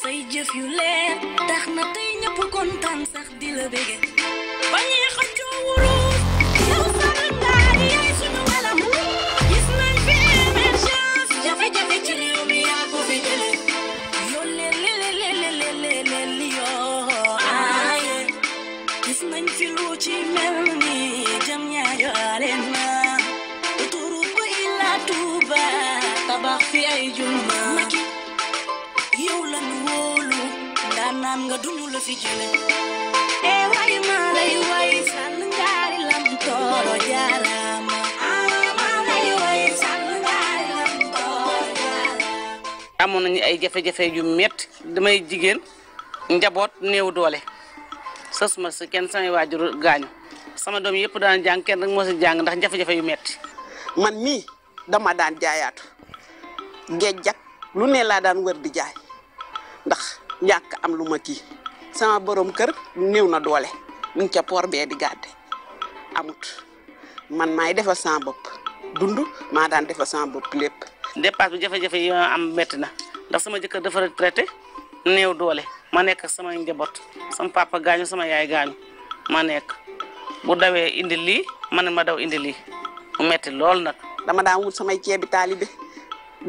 say jëf yu leer tax na tey ñëpp kontaan sax di la bége ba ñuy xëccoo wurus yow sama ngaar yaay suñu walam gis nañ fi émergence jafe-jafe ci réew mi yaa ko fi jële yoo lelelelelelele yoo aaye gis nañ fi lu ci mel ni jam ñaayo aleen na autoroute ba Ila Touba tabax fi ay juma maam nga dund nañu ay jafe-jafe yu métti damay jigéen njaboot néew doole sa suma kenn samay waajur gaañ sama doom yëpp daan jàng kenn rek moo si jàng ndax jafe-jafe yu metti man mii dama daan jaayaatu géej jak lu ne laa daan wër di jaay ndax ñàkk am lu ma kii sama borom kër néew na doole mu ngi ca por bee di gàdde amut man maay defa sama bopp dund maa daan defal sama bopp lépp. dépense bi jafe-jafe yi am métti na ndax sama jëkkër dafa retraité néew doole ma nekk ak sama njaboot sama papa gaañu sama yaay gaañu ma nekk bu dawee indi lii man ma daw indi lii mu metti lool nag. dama daan wut samay ceebi taalibe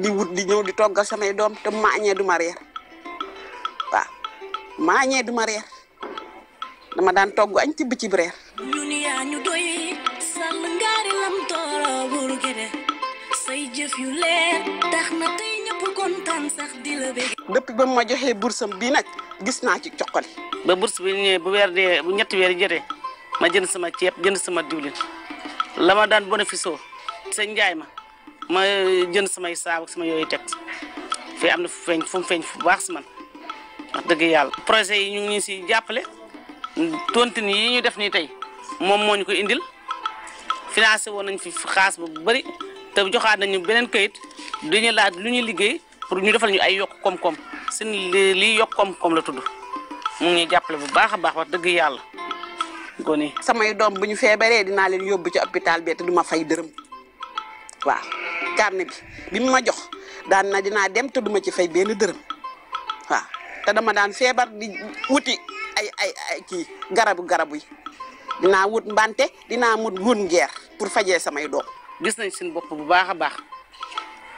di wut di ñëw di toggal samay doom te mu ma reer maa ñee duma reer dama daan togg añ tibb ci reer depuis ba mu ma joxee bursam bii nag gis naa ci coqali ba bourse bi ñëwee bu weer dee bu ñetti weer yi jotee ma jënd sama ceeb jënd sama diwlin la ma daan bénéfice oo sa njaay ma ma jënd samay saabu sama yooyu teg fi am na fu feeñ fu feeñ fu baax si man wax dëgg yàlla projet yi ñu ngi ñu si jàppale tontine yi ñu def nii tey moom moo ñu ko indil financé woon nañ fi xaas bu bari te joxaat nañu beneen kayit dañu laaj lu ñuy liggéey pour ñu defal ñu ay yokk koom-koom seen lii yokk koom-koom la tudd mu ngi jàppale bu baax a baax wax dëgg yàlla gone samay doom bu ñu feebaree dinaa leen yóbbu ci hôpital bi te du ma fay dërëm waaw carnet bi bi ma jox daan na dinaa dem te duma ci fay benn dërëm waaw te dama daan feebar di wuti ay ay ay kii garabu garabu yi dinaa wut mbante dinaa wut wut ngeer pour fajee samay doom. gis nañ seen bopp bu baax a baax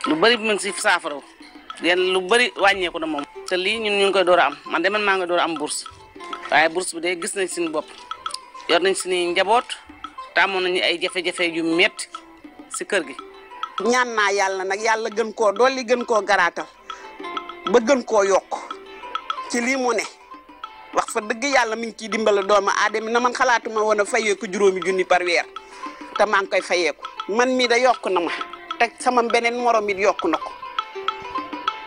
lu bari mu ngi si saafara yenn lu bëri wàññeeku na moom. te lii ñun ñu ngi koy door a am man de man maa nga door am bourse waaye bourse bi de gis nañ seen bopp yor nañ suñuy njaboot tàmmoon nañu ay jafe-jafe yu métti si kër gi. ñaan naa yàlla nag yàlla gën koo dolli gën koo garaatal ba gën koo yokk. ci lii mu ne wax fa dëgg yàlla mi ngi ciy dimbale doomu aadama na man xalaatuma woon a fayeeku juróomi junni par weer te maa ngi koy fayeeku man mii da yokk na ma te sama beneen moroom it yokk na ko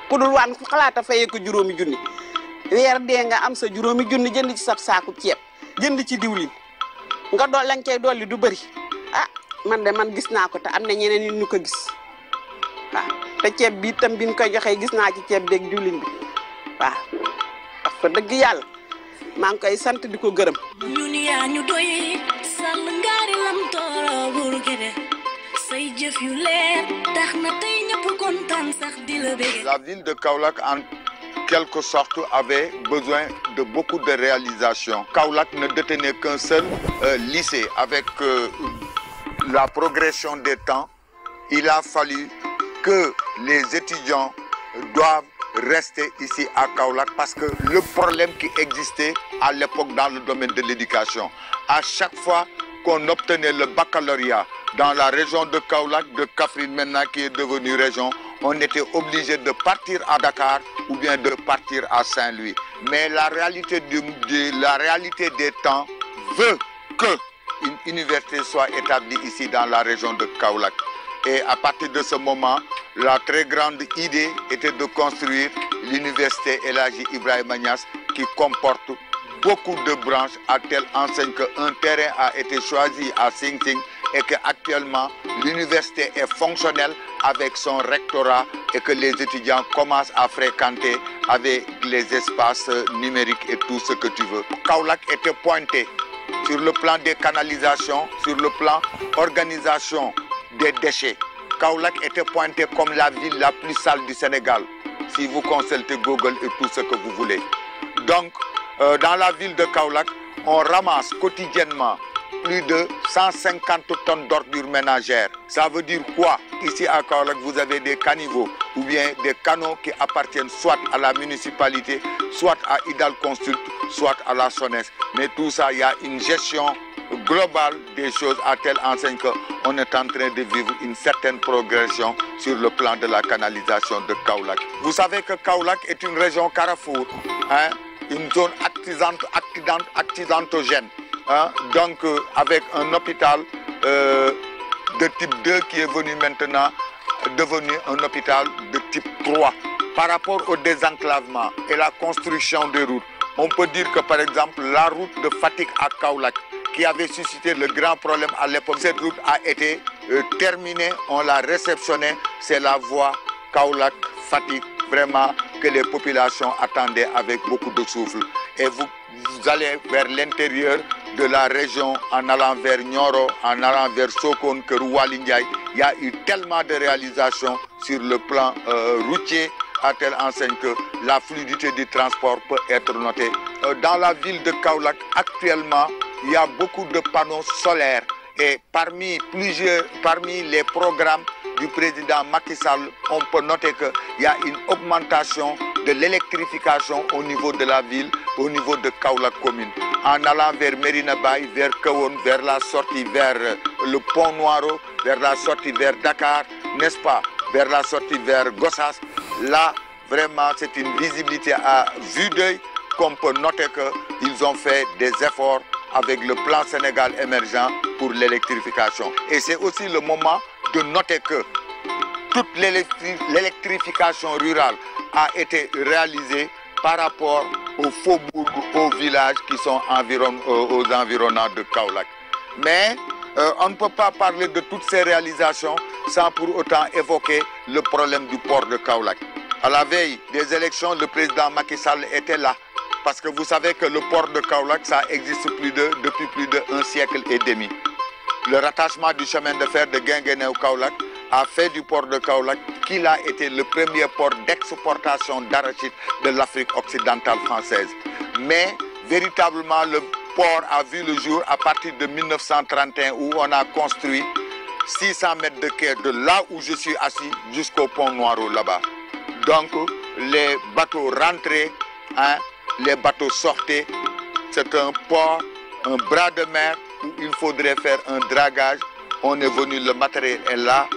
ku dul waan ku xalaat a fayeeku juróomi junni weer dee nga am sa juróomi junni jënd ci sab saaku ceeb jënd ci diwlin nga dool lañ koy dolli du bëri ah man de man gis naa ko te am na ñeneen nit ñu ko gis waaw ceeb bi itam bi koy joxee gis naa ci ceeb beeg diwlin fa dëgg yàlla maa ngi koy sant di ko gërëm. ñun yaa ñu doy sàll ngaari lam tooro say jëf yu leer tax na tey ñëpp kontaan sax di la La ville de Kaolack en quelque sorte avait besoin de beaucoup de réalisations. Kaolack ne détenait qu'un seul euh, lycée avec euh, la progression des temps il a fallu que les étudiants doivent rester ici à Kaolack parce que le problème qui existait à l'époque dans le domaine de l'éducation, à chaque fois qu'on obtenait le baccalauréat dans la région de Kaolack, de Kaffrine maintenant qui est devenue région, on était obligé de partir à Dakar ou bien de partir à Saint-Louis. Mais la réalité du, la réalité des temps veut que une université soit établie ici dans la région de Kaolack. Et à partir de ce moment, La très grande idée était de construire l'université Elagi Ibrahim Niass qui comporte beaucoup de branches à telle enseigne qu'un terrain a été choisi à Sing Sing et qu'actuellement l'université est fonctionnelle avec son rectorat et que les étudiants commencent à fréquenter avec les espaces numériques et tout ce que tu veux. Kaulak était pointé sur le plan des canalisation sur le plan organisation des déchets. Kaolack était pointé comme la ville la plus sale du Sénégal, si vous consultez Google et tout ce que vous voulez. Donc, euh, dans la ville de Kaolack, on ramasse quotidiennement plus de 150 tonnes d'ordures ménagères. Ça veut dire quoi? Ici à Kaolack, vous avez des caniveaux ou bien des canaux qui appartiennent soit à la municipalité, soit à Idal Consult, soit à la SONES. Mais tout ça, y a une gestion globale des choses à telle enseigne qu'on est en train de vivre une certaine progression sur le plan de la canalisation de Kaolack. Vous savez que Kaolack est une région carrefour, hein, une zone actisante, actisante, actisantogène, hein, donc euh, avec un hôpital euh, de type 2 qui est venu maintenant devenir un hôpital de type 3. Par rapport au désenclavement et la construction des routes, on peut dire que par exemple la route de Fatick à Kaolack qui avait suscité le grand problème à l'époque. Cette a été euh, on l'a réceptionnée. C'est la voie Kaolack-Fatick, vraiment que les populations attendaient avec beaucoup de souffle. Et vous, vous allez vers l'intérieur de la région en allant vers Nioro, en allant vers Sokone, que Ndiaye. Il y a eu tellement de réalisations sur le plan euh, routier à telle enseigne que la fluidité du transport peut être notée. Euh, dans la ville de Kaolack, actuellement, il y a beaucoup de panneaux solaires et parmi plusieurs, parmi les programmes du président Macky Sall, on peut noter qu'il y a une augmentation de l'électrification au niveau de la ville, au niveau de Kaolack commune. En allant vers Medina Baye, vers Kahone, vers la sortie vers euh, le pont Noiro, vers la sortie vers Dakar, n'est-ce pas, vers la sortie vers Gossas, là vraiment c'est une visibilité à vue d'œil qu'on peut noter qu'ils ont fait des efforts avec le plan Sénégal émergent pour l'électrification. Et c'est aussi le moment de noter que toute l'électrification rurale a été réalisée par rapport aux faubourgs, aux villages qui sont euh, aux environnants de Kaolack. Mais euh, on ne peut pas parler de toutes ces réalisations sans pour autant évoquer le problème du port de Kaolack. À la veille des élections, le président Macky Sall était là parce que vous savez que le port de Kaolack, ça existe plus de, depuis plus d'un siècle et demi. Le rattachement du chemin de fer de Guinguené au Kaolack a fait du port de Kaolack qu'il a été le premier port d'exportation d'arachide de l'Afrique occidentale française. Mais véritablement, le port a vu le jour à partir de 1931 où on a construit 600 mètres de quai de là où je suis assis jusqu'au pont Noiro là Donc, les bateaux rentraient hein, les bateaux sortaient. C'est un port, un bras de mer où il faudrait faire un dragage. On est venu, le matériel est là.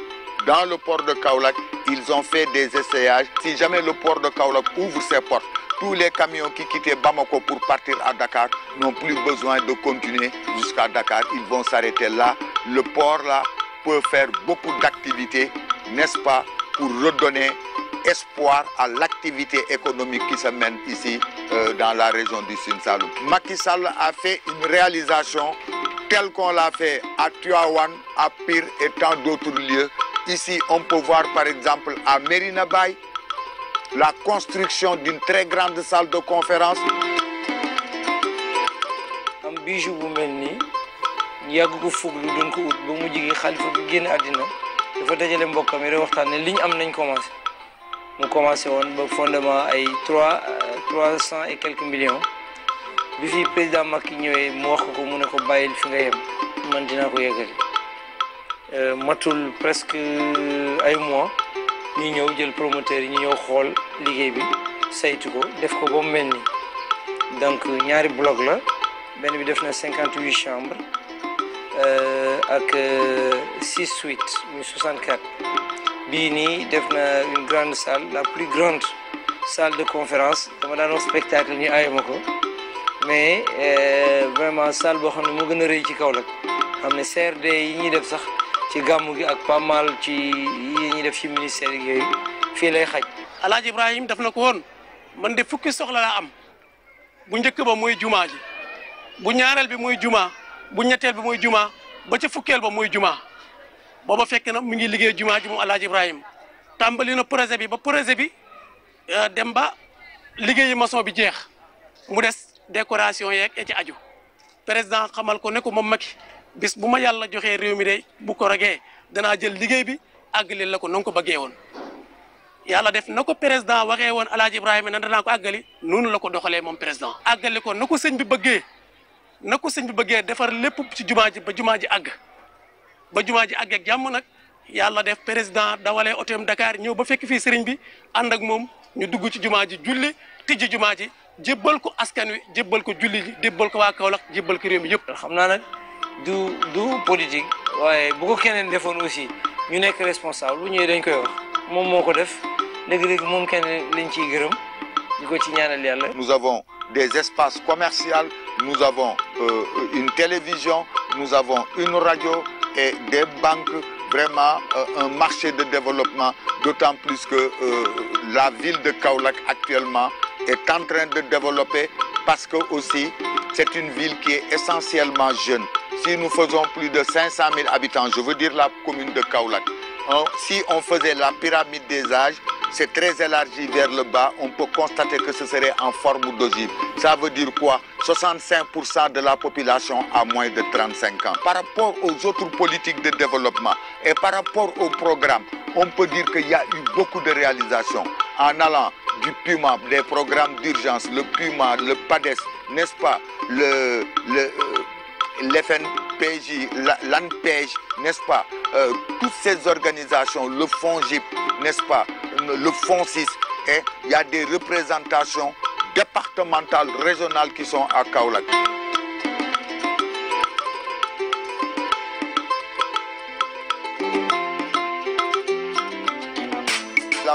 Dans le port de Kaolack, ils ont fait des essayages. Si jamais le port de Kaolack ouvre ses portes, tous les camions qui quittaient Bamako pour partir à Dakar n'ont plus besoin de continuer jusqu'à Dakar. Ils vont s'arrêter là. Le port là peut faire beaucoup d'activités, n'est-ce pas, pour redonner espoir à l'activité économique qui se mène ici euh, dans la région du Sine Saloum. Macky Sall a fait une réalisation telle qu'on l'a fait à Tuawan, à Pire et tant d'autres lieux. Ici, on peut voir par exemple à Merina Bay la construction d'une très grande salle de conférence. am bijou bu mel nii ñu yàgg ko fuglu doon ko ut ba mu jigi xalifa bi génn àddina dafa dajale mbokkam yi rek waxtaan ne li ñu am nañ commencé. mu commencé woon ba fondement ay trois trois cent et quelques millions bi fi président Macky ñëwee mu wax ko mu ne ko bàyyil fi nga yem man dina ko yeggali euh, matul presque euh, ay mois ñu ñëw jël promoteur yi ñu ñëw xool liggéey bi saytu ko def ko ba mu mel ni donc ñaari bloc la benn bi def na cinquante huit chambres euh, ak six suites muy bii nii def na une grande salle la plus grande salle de conférence dama daan wax spectacle ñu aaye ma ko mais euh, vraiment salle boo xam ne moo gën a rëy ci Kaolack xam ne CRD yi ñuy def sax ci gàmmu gi ak pas mal ci yi ñuy def ci ministère yooyu fii lay xaj. El Hadj Ibrahima def na ko woon man de fukki soxla laa am bu njëkk ba mooy jumaa ji bu ñaareel bi mooy jumaa bu ñetteel bi mooy jumaa ba ca fukkeel ba mooy jumaa. booba fekk na mu ngi liggéey jumaa ji moom Alaaji Ibrahima tàmbali na projet bi ba projet bi euh, dem ba liggéeyu maçon bi jeex mu des décoration yeeg et ci aju président xamal ko ne ko moom Macky bis bu ma yàlla joxee réew mi de bu ko ragee danaa jël liggéey bi àggali la ko na ko bëggee woon yàlla def na ko président waxee woon Alaaji Ibrahima nan danaa ko àggali noonu la ko doxalee moom président àggali ko na ko sëñ bi bëggee na ko sëñ bi bëggee defar lépp ci jumaa ji ba jumaa ji àgg ba jumaa ji àgg ak jàmm nag yàlla def président dawalee otoom dakaar ñëw ba fekk fii sëriñ bi ànd ak moom ñu dugg ci jumaa ji julli tijji jumaa ji jébbal ko askan wi jébbal ko julli ji jébbal ko waa Kaolack jébbal ko réew mi yëpp. xam naa nag du du politique waaye bu ko keneen defoon aussi ñu nekk responsable bu ñëwee dañ koy moom moo ko def dëgg-dëgg moom kenn lañ ciy gërëm di ko ci ñaanal yàlla. nous avons des espaces commerciaux nous avons euh, une télévision nous avons une radio. et des banques vraiment euh, un marché de développement, d'autant plus que euh, la ville de Kaolack actuellement est en train de développer parce que aussi c'est une ville qui est essentiellement jeune. Si nous faisons plus de 500 000 habitants, je veux dire la commune de Kaolack, si on faisait la pyramide des âges, c'est très élargi vers le bas, on peut constater que ce serait en forme d'ogive. Ça veut dire de la population a de 35 ans. Par rapport aux autres politiques et par rapport au programme, on peut dire qu'il y a eu beaucoup de réalisations en allant du PUMA, des programmes d'urgence, le PUMA, le PADES, n'est-ce pas, le, le, euh, l'FNPJ, l'ANPEJ, n'est-ce le FONGIP, n'est-ce pas, euh, le fonds 6 et il y a des représentations départementales, régionales qui sont à Kaolack.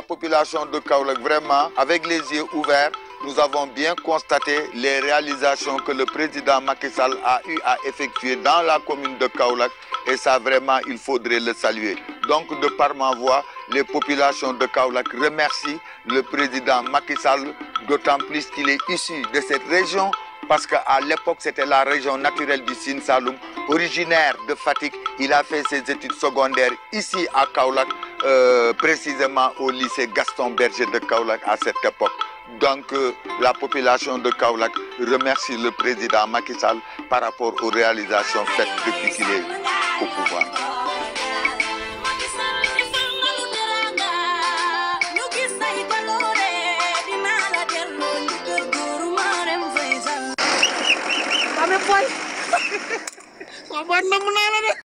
population de Kaolack, vraiment, avec les yeux ouverts, nous avons bien constaté les réalisations que le président Macky Sall a eu à effectuer dans la commune de Kaolack et ça vraiment, il faudrait le saluer. Donc, de par ma voix, les populations de Kaolack remercient le président Macky Sall, d'autant plus qu'il est issu de cette région parce qu'à l'époque, c'était la région naturelle du Sine salum Originaire de Fatick, il a fait ses études secondaires ici à Kaolack, euh, précisément au lycée Gaston Berger de Kaolack à cette époque. Donc euh, la population de Kaolack remercie le président Macky Sall par rapport aux réalisations faites depuis qu'il au pouvoir. man namm naa la de.